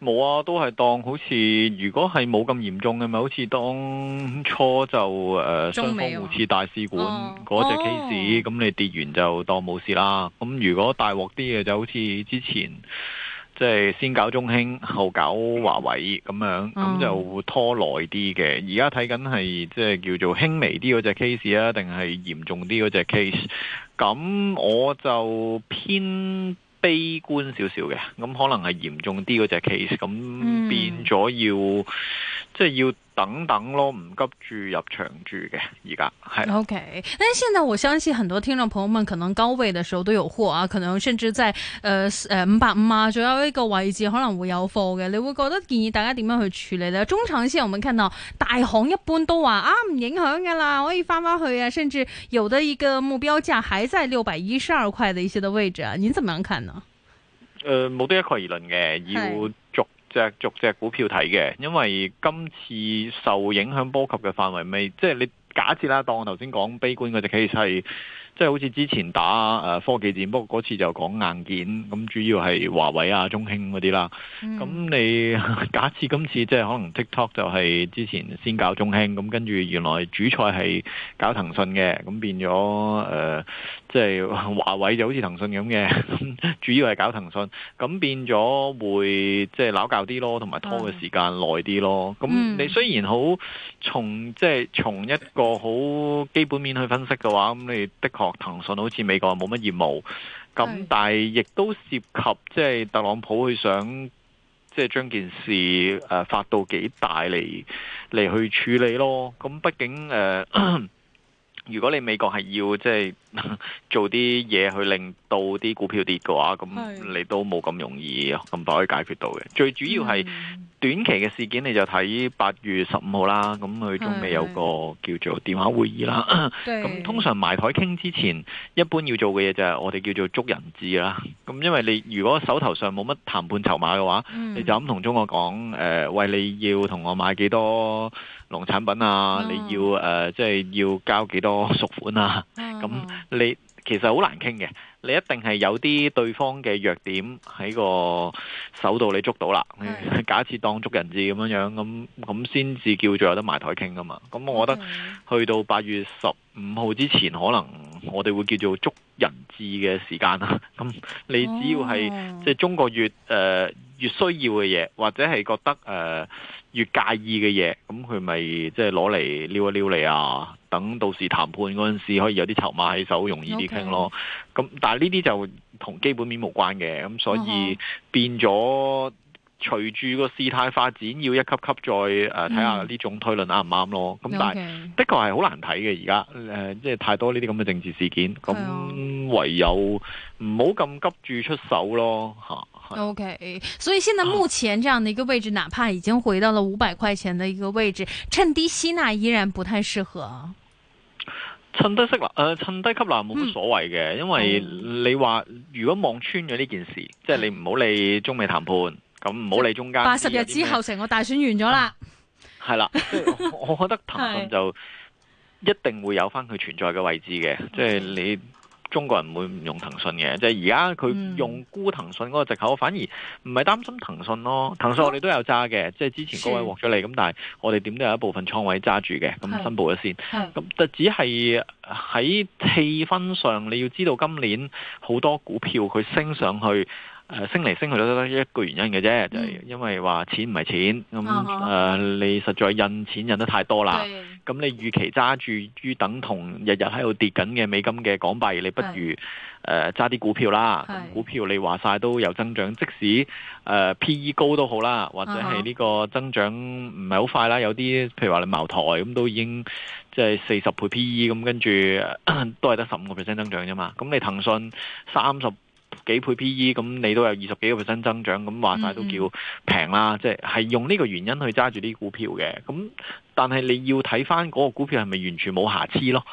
冇啊，都係當好似如果係冇咁嚴重嘅咪，好似當初就誒雙、呃啊、方互刺大使館嗰隻 case，咁、啊、你跌完就當冇事啦。咁如果大鑊啲嘅就好似之前，即、就、係、是、先搞中興後搞華為咁樣，咁、啊、就拖耐啲嘅。而家睇緊係即係叫做輕微啲嗰隻 case 啊，定係嚴重啲嗰隻 case？咁我就偏。悲觀少少嘅，咁可能係嚴重啲嗰隻 case，咁變咗要，嗯、即係要。等等咯，唔急住入場住嘅，而家係。OK，但係現在我相信很多聽眾朋友們可能高位嘅時候都有貨啊，可能甚至在誒誒、呃呃、五百五啊，仲有呢個位置可能會有貨嘅。你會覺得建議大家點樣去處理呢？中長線我哋睇到，大行一般都話啊，唔影響嘅啦，可以返返去啊，甚至有的一個目標價還在六百一十二塊的一些的位置，啊，你點樣看呢？誒、呃，冇得一概而論嘅，要逐。Hey. 逐隻股票睇嘅，因為今次受影響波及嘅範圍未，即係你假設啦，當我頭先講悲觀嗰隻 case 係，即係好似之前打誒科技戰，不過嗰次就講硬件，咁主要係華為啊、中興嗰啲啦。咁、嗯、你假設今次即係可能 TikTok 就係之前先搞中興，咁跟住原來主菜係搞騰訊嘅，咁變咗誒。呃即係華為就好似騰訊咁嘅，主要係搞騰訊，咁變咗會即係鬧交啲咯，同埋拖嘅時間耐啲咯。咁的你雖然好從即係從一個好基本面去分析嘅話，咁你的確騰訊好似美國冇乜業務，咁的但係亦都涉及即係特朗普去想即係將件事誒發到幾大嚟嚟去處理咯。咁畢竟誒。呃 如果你美國係要即係、就是、做啲嘢去令到啲股票跌嘅話，咁你都冇咁容易，咁快可以解決到嘅。最主要係短期嘅事件，你就睇八月十五號啦。咁佢仲未有個叫做電話會議啦。咁通常埋台傾之前，一般要做嘅嘢就係我哋叫做捉人質啦。咁因為你如果手頭上冇乜談判籌碼嘅話，嗯、你就咁同中國講誒，喂、呃、你要同我買幾多？農產品啊，mm hmm. 你要誒、呃，即係要交幾多贖款啊？咁、mm hmm. 你其實好難傾嘅，你一定係有啲對方嘅弱點喺個手度，你捉到啦。Mm hmm. 假設當捉人質咁樣樣，咁咁先至叫做有得埋台傾噶嘛？咁我覺得去到八月十五號之前，可能。我哋會叫做捉人質嘅時間啦，咁你只要係即係中國越誒、呃、越需要嘅嘢，或者係覺得誒、呃、越介意嘅嘢，咁佢咪即係攞嚟撩一撩你啊，等到時談判嗰陣時可以有啲籌碼喺手，好容易啲傾咯。咁 Okay. 但係呢啲就同基本面無關嘅，咁所以變咗。隨住個事態發展，要一級級再誒睇下呢種推論啱唔啱咯。咁、嗯、但係 Okay. 的確係好難睇嘅，而家誒即係太多呢啲咁嘅政治事件。咁、嗯、唯有唔好咁急住出手咯吓。OK Okay。啊、所以現在目前這樣的一個位置，啊、哪怕已經回到了五百塊錢的一個位置，趁低吸納依然不太適合。嗯嗯、趁低吸納誒，趁低吸納冇乜所謂嘅，因為你話如果望穿咗呢件事，即係你唔好理中美談判。咁唔好理中間八十日之後，成個大選完咗啦。係啦， 我覺得騰訊就一定會有翻佢存在嘅位置嘅。即係 你中國人唔會唔用騰訊嘅？即係而家佢用沽騰訊嗰個借口，反而唔係擔心騰訊咯。騰訊我哋都有揸嘅，即係之前高位獲咗你，咁但係我哋點都有一部分倉位揸住嘅。咁申報咗先。咁就只係喺氣氛上，你要知道今年好多股票佢升上去。誒，升嚟升去都得一個原因嘅啫，就係因為話錢唔係錢，咁誒，你實在印錢印得太多啦，咁你預期揸住於等同日日喺度跌緊嘅美金嘅港幣，你不如誒，揸啲股票啦，股票你話晒都有增長，即使誒 PE 高都好啦，或者係呢個增長唔係好快啦，有啲譬如話你茅台咁都已經即係四十倍 PE 咁，跟住都係得十五個 percent 增長啫嘛，咁你騰訊三十。幾倍 PE，咁你都有二十幾個 percent 增長，咁話晒都叫平啦。嗯、即係用呢個原因去揸住啲股票嘅。咁但係你要睇翻嗰個股票係咪完全冇瑕疵咯？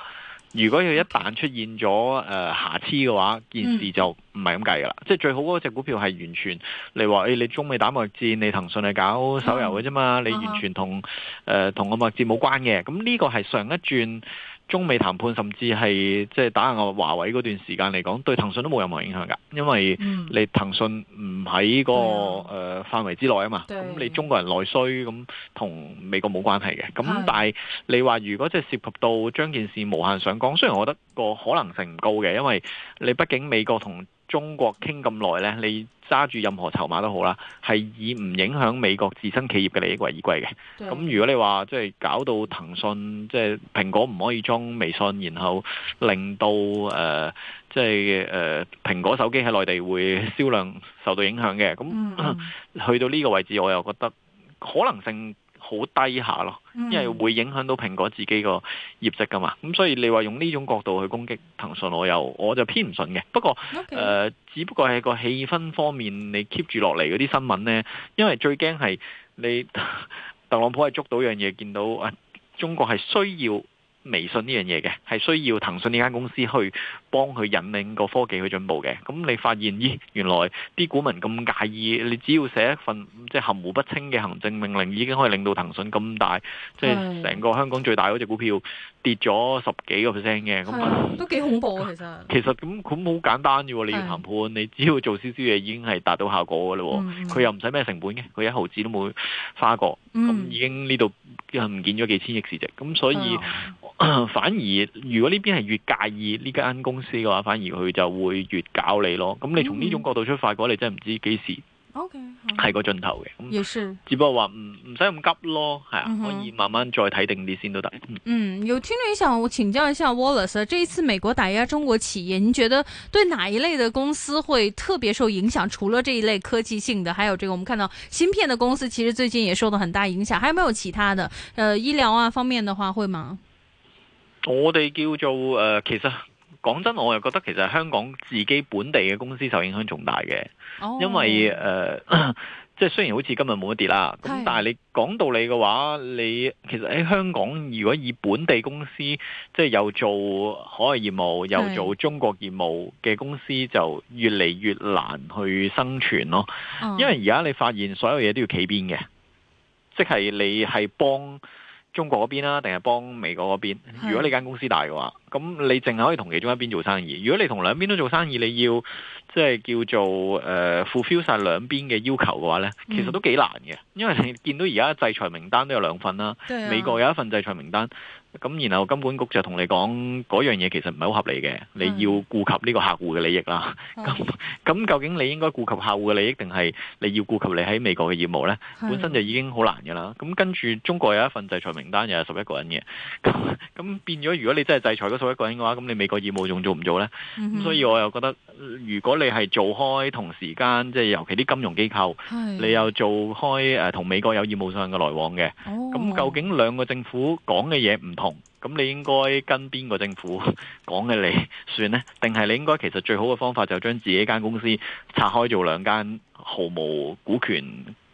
如果佢一旦出現咗誒、呃、瑕疵嘅話，件事就唔係咁計噶啦。嗯、即係最好嗰隻股票係完全例如話，誒你中美、哎、打貿易戰，你騰訊係搞手遊嘅啫嘛，嗯嗯、你完全同誒同個貿易戰冇關嘅。咁呢個係上一轉。中美談判甚至係即係打壓我華為嗰段時間嚟講，對騰訊都冇任何影響噶，因為你騰訊唔喺個誒範圍之內啊嘛，咁、嗯、你中國人內需咁同美國冇關係嘅。咁對但係你話如果即係涉及到將件事無限上綱，雖然我覺得個可能性唔高嘅，因為你畢竟美國同。中國傾咁耐咧，你揸住任何籌碼都好啦，係以唔影響美國自身企業嘅利益為依歸嘅。咁對如果你話即係搞到騰訊即係、就是、蘋果唔可以裝微信，然後令到誒即係誒蘋果手機喺內地會銷量受到影響嘅，咁、嗯嗯、 去到呢個位置，我又覺得可能性好低下咯，因為會影響到蘋果自己個業績噶嘛，咁、嗯、所以你話用呢種角度去攻擊騰訊，我又我就偏唔信嘅。不過誒 Okay.、呃、只不過係個氣氛方面，你 keep 住落嚟嗰啲新聞咧，因為最驚係你 特朗普係捉到樣嘢，見到啊、呃、中國係需要。微信呢樣嘢嘅係需要騰訊呢間公司去幫佢引領個科技去進步嘅，咁你發現咦，原來啲股民咁介意，你只要寫一份即係、就是、含糊不清嘅行政命令，已經可以令到騰訊咁大，即係成個香港最大嗰隻股票。跌咗十幾個 percent 嘅，咁都幾恐怖啊！其實其實咁咁好簡單嘅喎，你要談判，是的 你只要做少少嘢已經係達到效果嘅嘞喎，佢、嗯、又唔使咩成本嘅，佢一毫子都冇花過，咁、嗯嗯嗯、已經呢度又唔見咗幾千億市值，咁所以是的 反而如果呢邊係越介意呢間公司嘅話，反而佢就會越搞你咯。咁你從呢種角度出發嘅話，你真係唔知幾時。O K，係個盡頭嘅，嗯、也是只不過話唔唔使咁急咯，係啊，可以慢慢再睇定啲先都得。嗯，有聽你想請教一下 Wallace，這一次美國打壓中國企業，你覺得對哪一類的公司會特別受影響？除了這一類科技性的，還有這個我們看到芯片的公司，其實最近也受到很大影響，還有沒有其他的？誒、呃，醫療啊方面的話會嗎？我哋叫做誒、呃，其實。講真，我又覺得其實香港自己本地嘅公司受影響重大嘅，oh. 因為誒、呃，即係雖然好似今日冇乜跌啦，咁是但係你講道理嘅話，你其實喺香港如果以本地公司，即係又做海外業務又做中國業務嘅公司，是就越嚟越難去生存咯，因為而家你發現所有嘢都要企邊嘅，即係你係幫。中國嗰邊啦，定係幫美國嗰邊？嗯、如果你間公司大嘅話，咁你淨係可以同其中一邊做生意。如果你同兩邊都做生意，你要即係叫做誒、呃、fulfill 晒兩邊嘅要求嘅話呢，其實都幾難嘅，嗯、因為你見到而家制裁名單都有兩份啦，嗯、美國有一份制裁名單。嗯。咁然後金管局就同你講，嗰樣嘢其實唔係好合理嘅，你要顧及呢個客戶嘅利益啦。咁咁究竟你應該顧及客戶嘅利益，定係你要顧及你喺美國嘅業務咧？本身就已經好難嘅啦。咁跟住中國有一份制裁名單，又有十一個人嘅。咁咁變咗，如果你真係制裁嗰十一個人嘅話，咁你美國業務仲做唔做咧？咁所以我又覺得，如果你係做開同時間，即係尤其啲金融機構，你又做開誒同美國有業務上嘅來往嘅，咁究竟兩個政府講嘅嘢唔同？咁、嗯、你應該跟邊個政府講嘅你算呢？定係你應該其實最好嘅方法就將自己間公司拆開做兩間毫無股權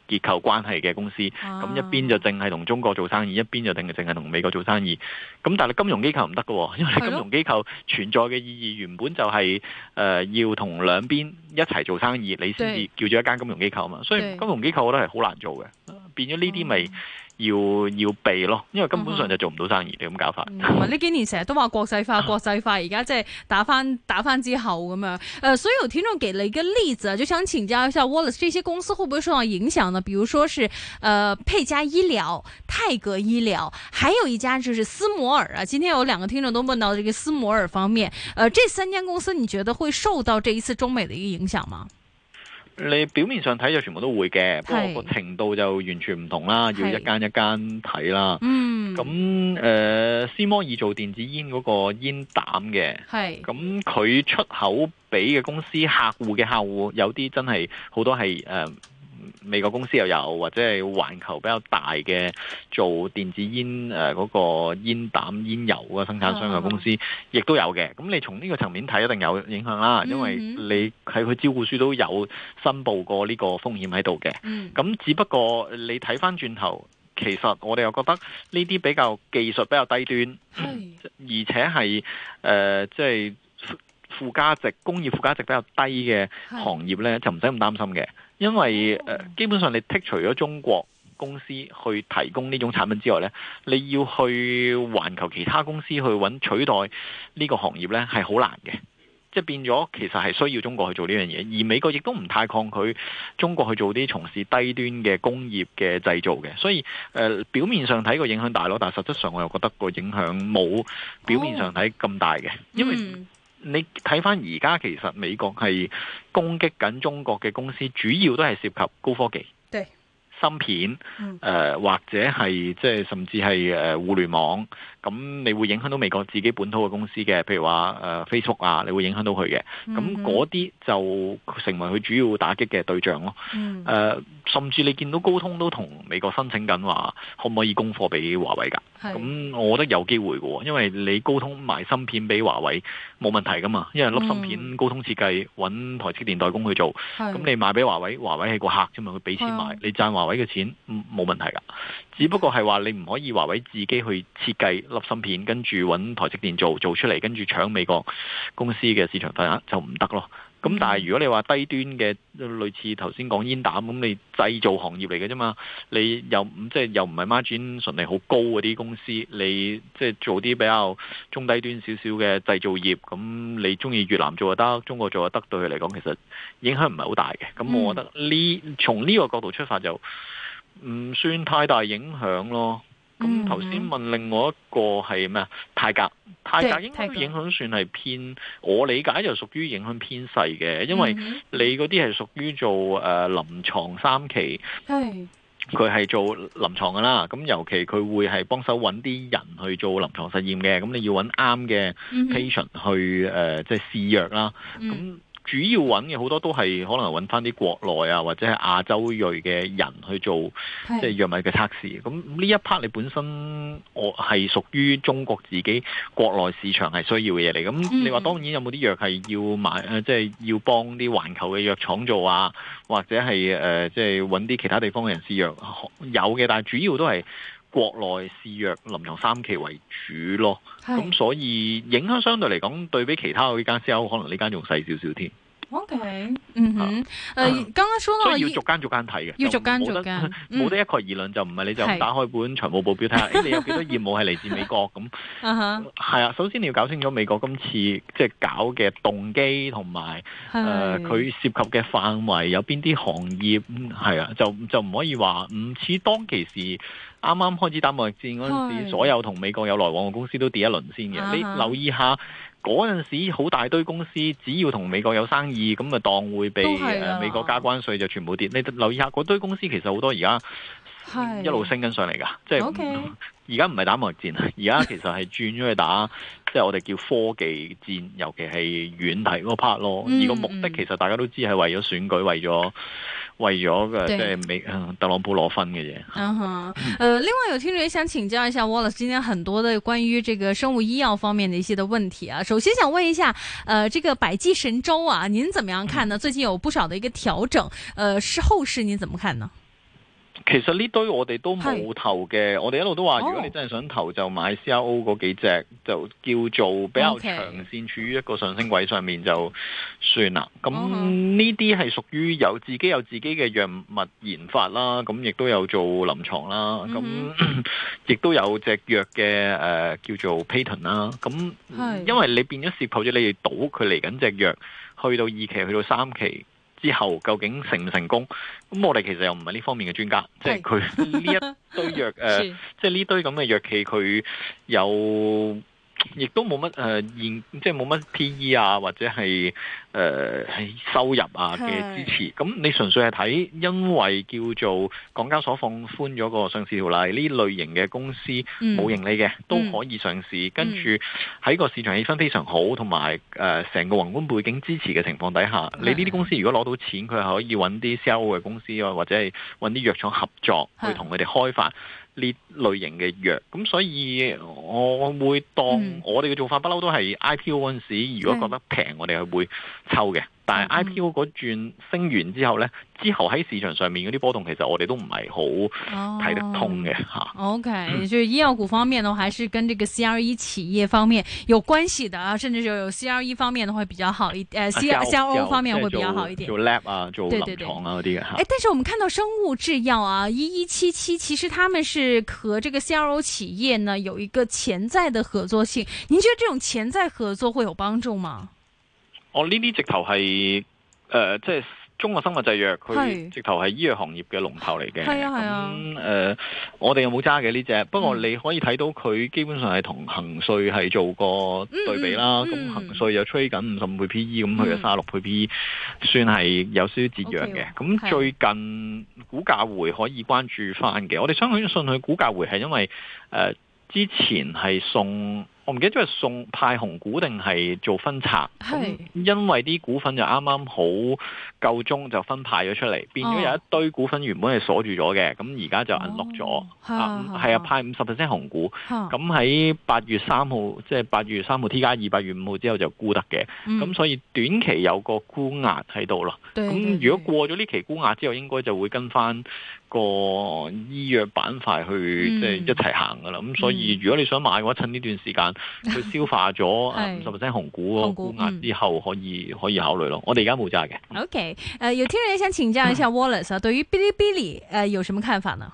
結構關係嘅公司，咁、啊嗯、一邊就淨係同中國做生意，一邊就定係淨係同美國做生意。咁、嗯、但係金融機構唔得嘅，因為金融機構存在嘅意義原本就係、是、誒對、呃、要同兩邊一齊做生意，你先至叫做一間金融機構啊嘛。所以對金融機構我覺得係好難做嘅，變咗呢啲咪。嗯要要避咯，因為根本上就做唔到生意，你咁、嗯、哼搞法。唔係呢幾年成日都話國際化國際化，而家即係打翻打翻之後咁樣。誒、呃，所以有聽眾給了一個例子，就想請教一下 Wallace，這些公司會不會受到影響呢？比如說是誒佩嘉醫療、泰格醫療，還有一家就是斯摩爾啊。今天有兩個聽眾都問到這個斯摩爾方面，誒、呃，這三間公司，你覺得會受到這一次中美的一個影響嗎？你表面上睇就全部都會嘅，不過是個程度就完全唔同啦，是要一間一間睇啦。咁誒、嗯，思摩爾做電子煙嗰個煙膽嘅，咁佢是出口俾嘅公司客戶嘅客戶，有啲真係好多係誒。呃美國公司又有，或者係環球比較大嘅做電子煙誒嗰個煙膽煙油嘅生產商嘅公司，亦 都有嘅。咁你從呢個層面睇，一定有影響啦，因為你喺佢招股書都有申報過呢個風險喺度嘅。咁 只不過你睇翻轉頭，其實我哋又覺得呢啲比較技術比較低端， 而且係誒即係附附加值、工業附加值比較低嘅行業呢，就唔使咁擔心嘅。因為誒、呃，基本上你剔除咗中國公司去提供呢種產品之外呢，你要去環球其他公司去揾取代呢個行業呢，係好難嘅。即係變咗，其實係需要中國去做呢樣嘢，而美國亦都唔太抗拒中國去做啲從事低端嘅工業嘅製造嘅。所以誒、呃，表面上睇個影響大咯，但係實質上我又覺得個影響冇表面上睇咁大嘅，因為。你睇翻而家，其實美國係攻擊緊中國嘅公司，主要都係涉及高科技，對芯片，誒、呃、或者係即係甚至係誒互聯網，咁你會影響到美國自己本土嘅公司嘅，譬如話誒 Facebook 啊，你會影響到佢嘅，咁嗰啲就成為佢主要打擊嘅對象咯。誒、嗯呃，甚至你見到高通都同美國申請緊話，可唔可以供貨俾華為噶？咁我覺得有機會嘅喎，因為你高通賣芯片俾華為冇問題㗎嘛，因為粒芯片高通設計，揾台積電代工去做，咁、嗯、你賣俾華為，華為係個客啫嘛，佢俾錢買，嗯、你賺華為嘅錢冇問題㗎，只不過係話你唔可以華為自己去設計粒芯片，跟住揾台積電做做出嚟，跟住搶美國公司嘅市場份額就唔得咯。咁、嗯、但係如果你話低端嘅類似頭先講煙膽咁，你製造行業嚟嘅啫嘛，你又唔即係又唔係 margin 純利好高嗰啲公司，你即係做啲比較中低端少少嘅製造業，咁你中意越南做就得，中國做就得，對，對佢嚟講其實影響唔係好大嘅。咁我覺得呢從呢個角度出發就唔算太大影響咯。咁頭先問另外一個係咩？泰格，泰格應該影響算係偏，我理解就屬於影響偏細嘅，因為你嗰啲係屬於做誒、呃、臨床三期，佢係、mm hmm. 做臨床噶啦。咁尤其佢會係幫手揾啲人去做臨床實驗嘅，咁你要揾啱嘅 patient 去誒、mm hmm. 呃、即係試藥啦。咁主要揾嘅好多都係可能揾返啲國內啊，或者係亞洲裔嘅人去做即係藥物嘅測試。咁呢係一 part 你本身我係屬於中國自己國內市場係需要嘅嘢嚟。咁你話當然有冇啲藥係要買？即、呃、係、就是、要幫啲環球嘅藥廠做啊，或者係誒即係揾啲其他地方嘅人試藥有嘅，但係主要都係國內試藥臨床三期為主咯，咁是所以影響相對嚟講，對比其他嗰啲間 c i 可能呢間仲細少少添。O.K.、啊、嗯哼，誒、啊，剛、嗯、剛所以要逐間逐間睇，嘅，要逐間逐間，冇得一概而論，就唔係你就打開本財務報表睇下你有幾多業務係嚟自美國咁。係啊、 嗯嗯，首先你要搞清楚美國今次即係搞嘅動機同埋誒，佢、呃、是涉及嘅範圍有邊啲行業係啊、嗯，就就唔可以話唔似當其時。啱啱開始打貿易戰嗰陣時，是所有同美國有來往嘅公司都跌一輪先嘅。啊、你留意下嗰陣、啊、時，好大堆公司只要同美國有生意，咁咪當會被美國加關稅就全部跌。你留意下嗰堆公司，其實好多而家一路升緊上嚟㗎。是即係而家唔係打貿易戰，而家 其實係轉咗去打，即、就、係、是、我哋叫科技戰，尤其係軟件嗰 part 咯。嗯嗯、而個目的其實大家都知係為咗選舉，為咗。為咗嘅即係美特朗普攞分嘅嘢。嗯哼、uh，huh. 呃，另外有聽眾也想請教一下 Wallace，今天很多的關於這個生物醫藥方面的一些的問題啊。首先想問一下，呃，這個百濟神州啊，您怎麼樣看呢？最近有不少的一個調整，呃，是後市您怎麼看呢？其實呢堆我哋都冇投嘅，是我哋一路都話，如果你真係想投就買 CRO 嗰幾隻，哦，就叫做比較長線，處於一個上升軌上面就算啦。咁呢啲係屬於有自己有自己嘅藥物研發啦，咁亦都有做臨床啦，咁亦、嗯、哼那 都有隻藥嘅誒叫做 patent 啦。咁，因為你變咗涉泡咗你哋倒佢嚟緊隻藥去到二期去到三期，之後究竟成唔成功？咁我哋其實又唔係呢方面嘅專家，是即係佢呢一堆藥，誒，即係呢堆咁嘅藥企，佢有。亦都冇乜誒現，即係冇乜 P E 啊，或者係誒係收入啊嘅支持。咁的你純粹係睇，因為叫做港交所放寬咗個上市條例，呢類型嘅公司冇盈利嘅都可以上市。嗯、跟住喺個市場氣氛非常好，同埋誒成個宏觀背景支持嘅情況底下，的你呢啲公司如果攞到錢，佢係可以揾啲 C R O 嘅公司啊，或者係揾啲藥廠合作，去同佢哋開發。呢類型嘅藥，咁所以我會當我哋嘅做法不嬲都係 IPO 嗰陣時，如果覺得平，我哋係會抽嘅。但 IPO 嗰轉升完之後呢，之後喺市場上面嗰啲波動，其實我哋都唔係好睇得通嘅吓。Oh, OK，嗯、就以醫藥股方面呢，還是跟這個 C R E 企業方面有關係的啊，甚至就有 C R E 方面的會比較好一，誒、uh, C R O、C R O 方面會比較好一點。做 lab 啊，做臨床啊嗰啲吓。誒、欸，但是我們看到生物製藥啊，一一七七，其實他們是和這個 C R O 企業呢有一個潛在的合作性。您覺得這種潛在合作會有幫助嗎？我呢啲直頭係誒，即係中國生物製藥，佢直頭係醫藥行業嘅龍頭嚟嘅。係啊係啊。咁誒，我哋有冇揸嘅呢隻？不過你可以睇到佢基本上係同恒瑞係做過對比啦。咁恒瑞又 trade 緊五十五倍 P E，咁佢嘅卅六倍 P E 算係有少少折讓嘅。咁最近股價回可以關注翻嘅。我哋相信佢股價回係因為誒之前係送。我唔記得咗係送派紅股定係做分拆是、嗯？因為啲股份就啱啱好夠鐘就分派咗出嚟，啊、變咗有一堆股份原本係鎖住咗嘅，咁而家就銀落咗。係啊，啊啊啊派五十 percent 紅股。咁喺八月三號，嗯、即係八月三號 T 加二八月五號之後就沽得嘅。咁、嗯、所以短期有個沽壓喺度咯。咁、嗯、如果過咗呢期沽壓之後，應該就會跟返。個醫藥板塊去即係一齊行嘅啦，咁所以如果你想買嘅話，趁呢段時間去消化咗五十 percent 紅股股壓之後，可以可以考慮咯。我哋而家冇揸嘅。OK，誒有聽人想請教一下 Wallace 啊，對於 Bilibili 誒有什麼看法呢？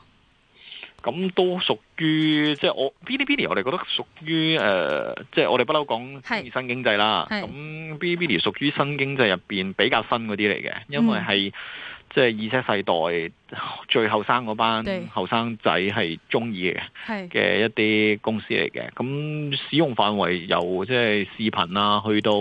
咁都屬於即係我 Bilibili，我哋覺得屬於誒，即係我哋不嬲講係新經濟啦。咁 Bilibili 屬於新經濟入邊比較新嗰啲嚟嘅，因為係。即係二三世代最後生嗰班後生仔係中意嘅，嘅一啲公司嚟嘅，咁使用範圍由即係視頻啊，去到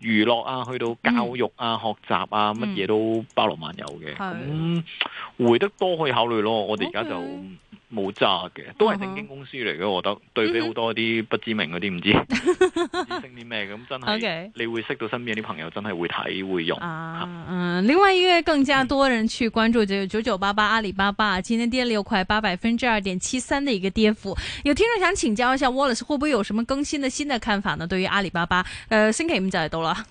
娛樂啊，去到教育啊、嗯、學習啊，乜嘢都包羅萬有嘅。咁、嗯是嗯、回得多可以考慮咯，我哋而家就、okay。冇渣嘅，都係正經公司嚟嘅，我覺得、uh huh. 對比好多啲不知名嗰啲唔知，唔 知啲咩咁真係， Okay. 你會識到身邊啲朋友真係會睇會用。Uh huh. 嗯，另外一個更加多人去關注就九九八八阿里巴巴，今天跌六塊八，百分之二點七三的一個跌幅。有聽眾想請教一下 Wallace，會不會有什麼更新的新的看法呢？對於阿里巴巴，誒，星期五就嚟到啦。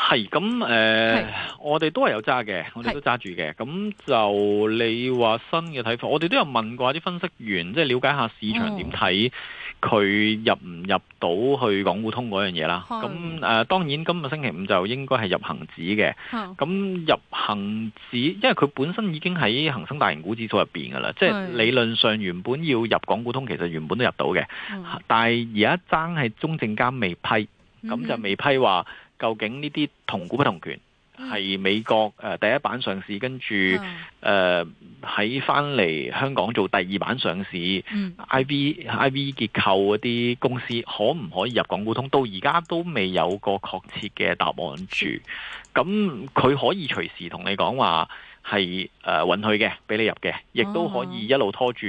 係咁誒，我哋都係有揸嘅是，我哋都揸住嘅。咁就你話新嘅睇法，我哋都有問過啲分析員，即、就、係、是、了解下市場點睇佢入唔入到去港股通嗰樣嘢啦。咁誒是、呃，當然今日星期五就應該係入行指嘅。咁、哦、入恒指，因為佢本身已經喺恒生大型股指數入邊噶啦，即、就、係、是、理論上原本要入港股通，其實原本都入到嘅。嗯、但係而家爭係中證監未批，咁就未批話。嗯究竟呢啲同股不同權，係、嗯、美國誒第一板上市，跟住誒喺翻嚟香港做第二板上市、嗯、I V I V 結構嗰啲公司可唔可以入港股通？到而家都未有個確切嘅答案住。咁佢可以隨時同你講話，係、呃、誒允許嘅，俾你入嘅，亦都可以一路拖住。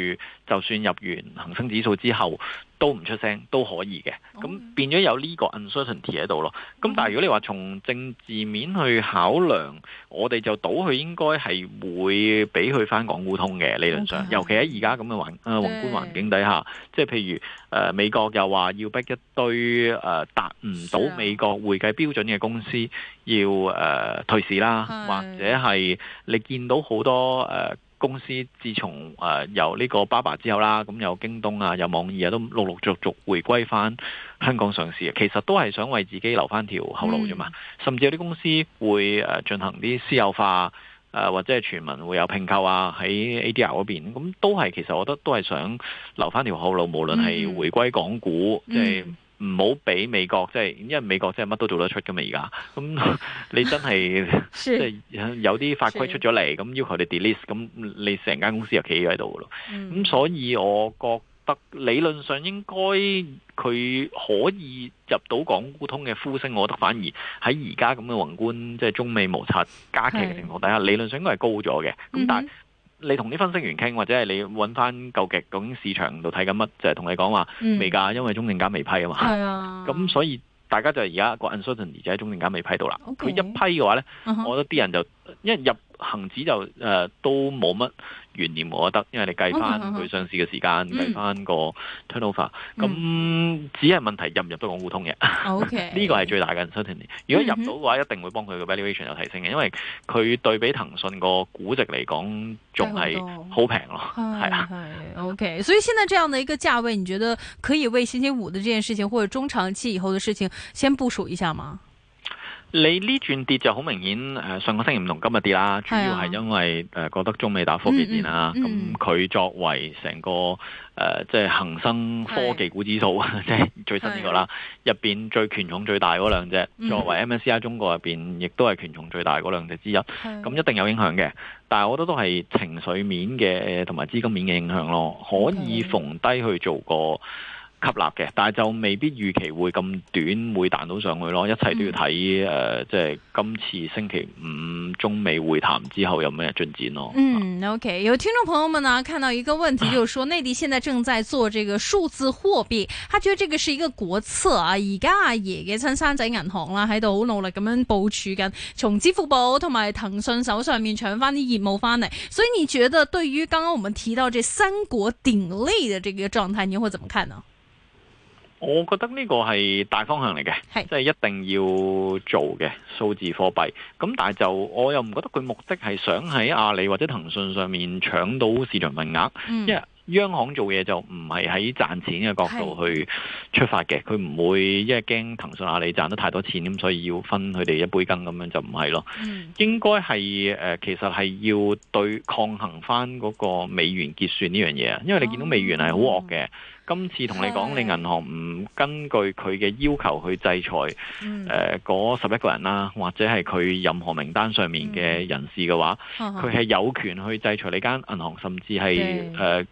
就算入完恒生指數之後都唔出聲都可以嘅，咁 Okay. 變咗有呢個 uncertainty 喺度咯。咁但係如果你話從政治面去考量，我哋就賭佢應該係會俾佢翻港股通嘅，理論上，Okay. 尤其喺而家咁嘅環啊宏觀環境底下，Yeah. 即係譬如誒、呃、美國又話要逼一堆誒、呃、達唔到美國會計標準嘅公司 Yeah. 要誒、呃、退市啦，Yeah. Yeah. 或者係你見到好多誒。呃呃呃公司自從誒由呢個 Baba 之後啦，咁、嗯、有京東啊，有網易啊，都陸,陸陸續續回歸翻香港上市嘅，其實都係想為自己留翻條後路啫嘛。嗯、甚至有啲公司會誒進、呃、行啲私有化，誒、呃、或者係全民會有拼購啊，喺 ADR 嗰邊咁、嗯，都係其實我覺得都係想留翻條後路，無論係回歸港股即係。唔好俾美國，即係因為美國真係乜都做得出嘅嘛，而家咁你真係即係有啲法規出咗嚟，咁 要求你 delete，咁你成間公司又企喺度嘅咯。咁、嗯嗯、所以我覺得理論上應該佢可以入到港股通嘅呼聲，我覺得反而喺而家咁嘅宏觀，即係中美摩擦加劇嘅情況底下，是理論上應該係高咗嘅。咁但係你同啲分析員傾，或者係你揾翻究，究竟市場度睇緊乜，就係、是、同你講話未㗎，嗯、因為中證監未批啊嘛。係啊，咁所以大家就係而家個 uncertainty 就喺中證監未批到啦。佢 okay, 一批嘅話咧，我覺得啲人就因、uh huh. 一入恆指就誒、呃、都冇乜。原念冇得，因為你計翻佢上市嘅時間，計翻 Okay, okay. 個 turnover，咁、嗯、只係問題入唔入到港股通嘅。呢個係最大嘅 uncertainty。如果入到嘅話，嗯、哼一定會幫佢嘅 valuation 有提升嘅，因為佢對比騰訊個估值嚟講，仲係好平咯。係是啊，OK。所以現在這樣的一個價位，你覺得可以為星期五的這件事情，或者中長期以後的事情，先部署一下嗎？你呢轉跌就好明顯，誒、呃、上個星期五同今日跌啦，主要係因為誒是、啊呃、覺得中美打科技戰啊，咁佢、嗯嗯嗯、作為成個誒、呃、即係恆生科技股指數，是 即係最新呢個啦，入邊是、啊、最權重最大嗰兩隻，嗯嗯嗯作為 MSCI 中國入邊亦都係權重最大嗰兩隻之一，咁一定有影響嘅。但係我覺得都係情緒面嘅同埋資金面嘅影響咯，可以逢低去做個吸納嘅，但係就未必預期會咁短會彈到上去咯，一切都要睇誒、嗯呃，即係今次星期五中美會談之後有咩進展咯。嗯，OK，有聽眾朋友們呢，看到一個問題，啊、就是說內地現在正在做這個數字貨幣，他覺得這個是一個國策啊，而家阿爺嘅親生仔銀行啦、啊，喺度好努力咁樣部署緊，從支付寶同埋騰訊手上面搶翻啲業務翻嚟，所以你覺得對於剛剛我們提到這三國鼎立的這個狀態，你會怎麼看呢？我覺得呢個係大方向嚟嘅，即係是一定要做嘅數字貨幣。咁但係就，我又唔覺得佢目的係想喺阿里或者騰訊上面搶到市場份額，嗯、因為央行做嘢就唔係喺賺錢嘅角度去出發嘅。佢唔是會因為驚騰訊、阿里賺得太多錢，咁所以要分佢哋一杯羹咁樣就唔係咯。嗯、應該係誒、呃，其實係要對抗衡翻嗰個美元結算呢樣嘢啊，因為你見到美元係好惡嘅。嗯今次同你講，你銀行唔根據佢嘅要求去制裁誒嗰十一個人啦、啊，或者係佢任何名單上面嘅人士嘅話，佢係、嗯、有權去制裁你間銀行，甚至係誒。嗯呃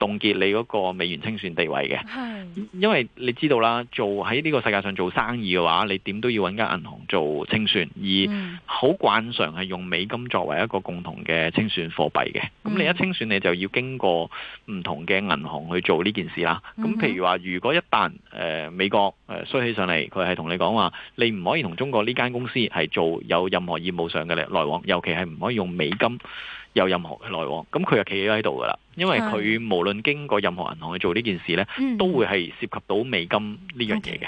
凍結你嗰個美元清算地位嘅。 因為你知道啦，做喺呢個世界上做生意嘅話，你點都要揾間銀行做清算，而好慣常係用美金作為一個共同嘅清算貨幣嘅。咁你一清算，你就要經過唔同嘅銀行去做呢件事啦。咁譬如話，如果一旦誒、呃、美國誒、呃、衰起上嚟，佢係同你講話，你唔可以同中國呢間公司係做有任何業務上嘅嚟來往，尤其係唔可以用美金。有任何嘅來往，咁佢又企喺度噶啦，因為佢無論經過任何銀行去做呢件事呢，嗯、都會係涉及到美金呢樣嘢嘅。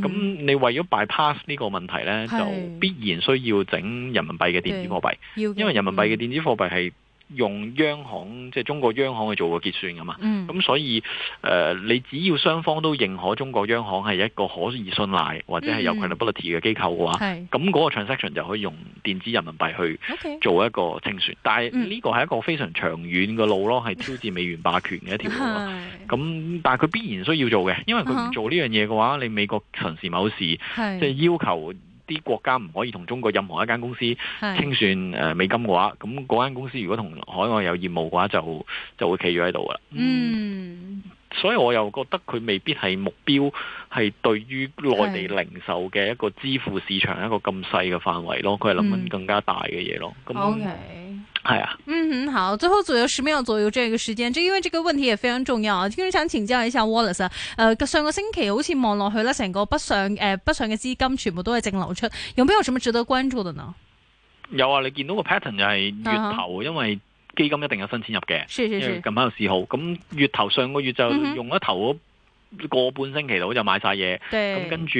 咁 Okay, 你為咗 bypass 呢個問題呢，嗯、就必然需要整人民幣嘅電子貨幣，Okay, 因為人民幣嘅電子貨幣係。用央行即係中國央行去做個結算㗎嘛，咁、嗯嗯、所以誒、呃，你只要雙方都認可中國央行係一個可以信賴或者係有 credibility 嘅機構嘅話，咁嗰、嗯、個 transaction 是就可以用電子人民幣去做一個清算。嗯、但係呢個係一個非常長遠嘅路咯，係挑戰美元霸權嘅一條路。咁、嗯嗯、但係佢必然需要做嘅，因為佢唔做呢樣嘢嘅話，你美國巡事某事即係、嗯、要求。啲國家唔可以同中國任何一間公司清算誒美金嘅話，咁嗰間公司如果同海外有業務嘅話就，就就會企咗喺度噶啦。嗯，所以我又覺得佢未必係目標係對於內地零售嘅一個支付市場一個咁細嘅範圍咯，佢係諗緊更加大嘅嘢咯。咁。嗯 okay. 係啊，嗯嗯，好，最後還有十秒左右這個時間，就因為這個問題也非常重要啊，今日想請教一下 Wallace，誒、呃，上個星期好似望落去，成個北上誒北、呃、上嘅資金全部都係淨流出，有冇咩值得關注嘅呢？有啊，你見到個 pattern 就係月頭，啊、好因為基金一定有新錢入嘅，是是是因為近排有市好，咁月頭上個月就用咗頭個半星期度就買晒嘢，咁對跟住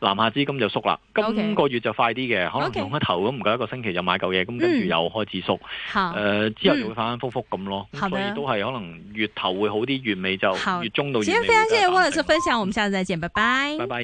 南下資金就縮啦。今個月就快啲嘅，Okay. 可能用一頭都唔夠一個星期就買夠嘢，咁、嗯、跟住又開始縮。誒好、呃、之後就會反反覆覆咁咯，嗯、所以都係可能月頭會好啲，月尾就好月中到月尾。非常謝謝陳老師分享，我們下次再見，拜拜。拜拜。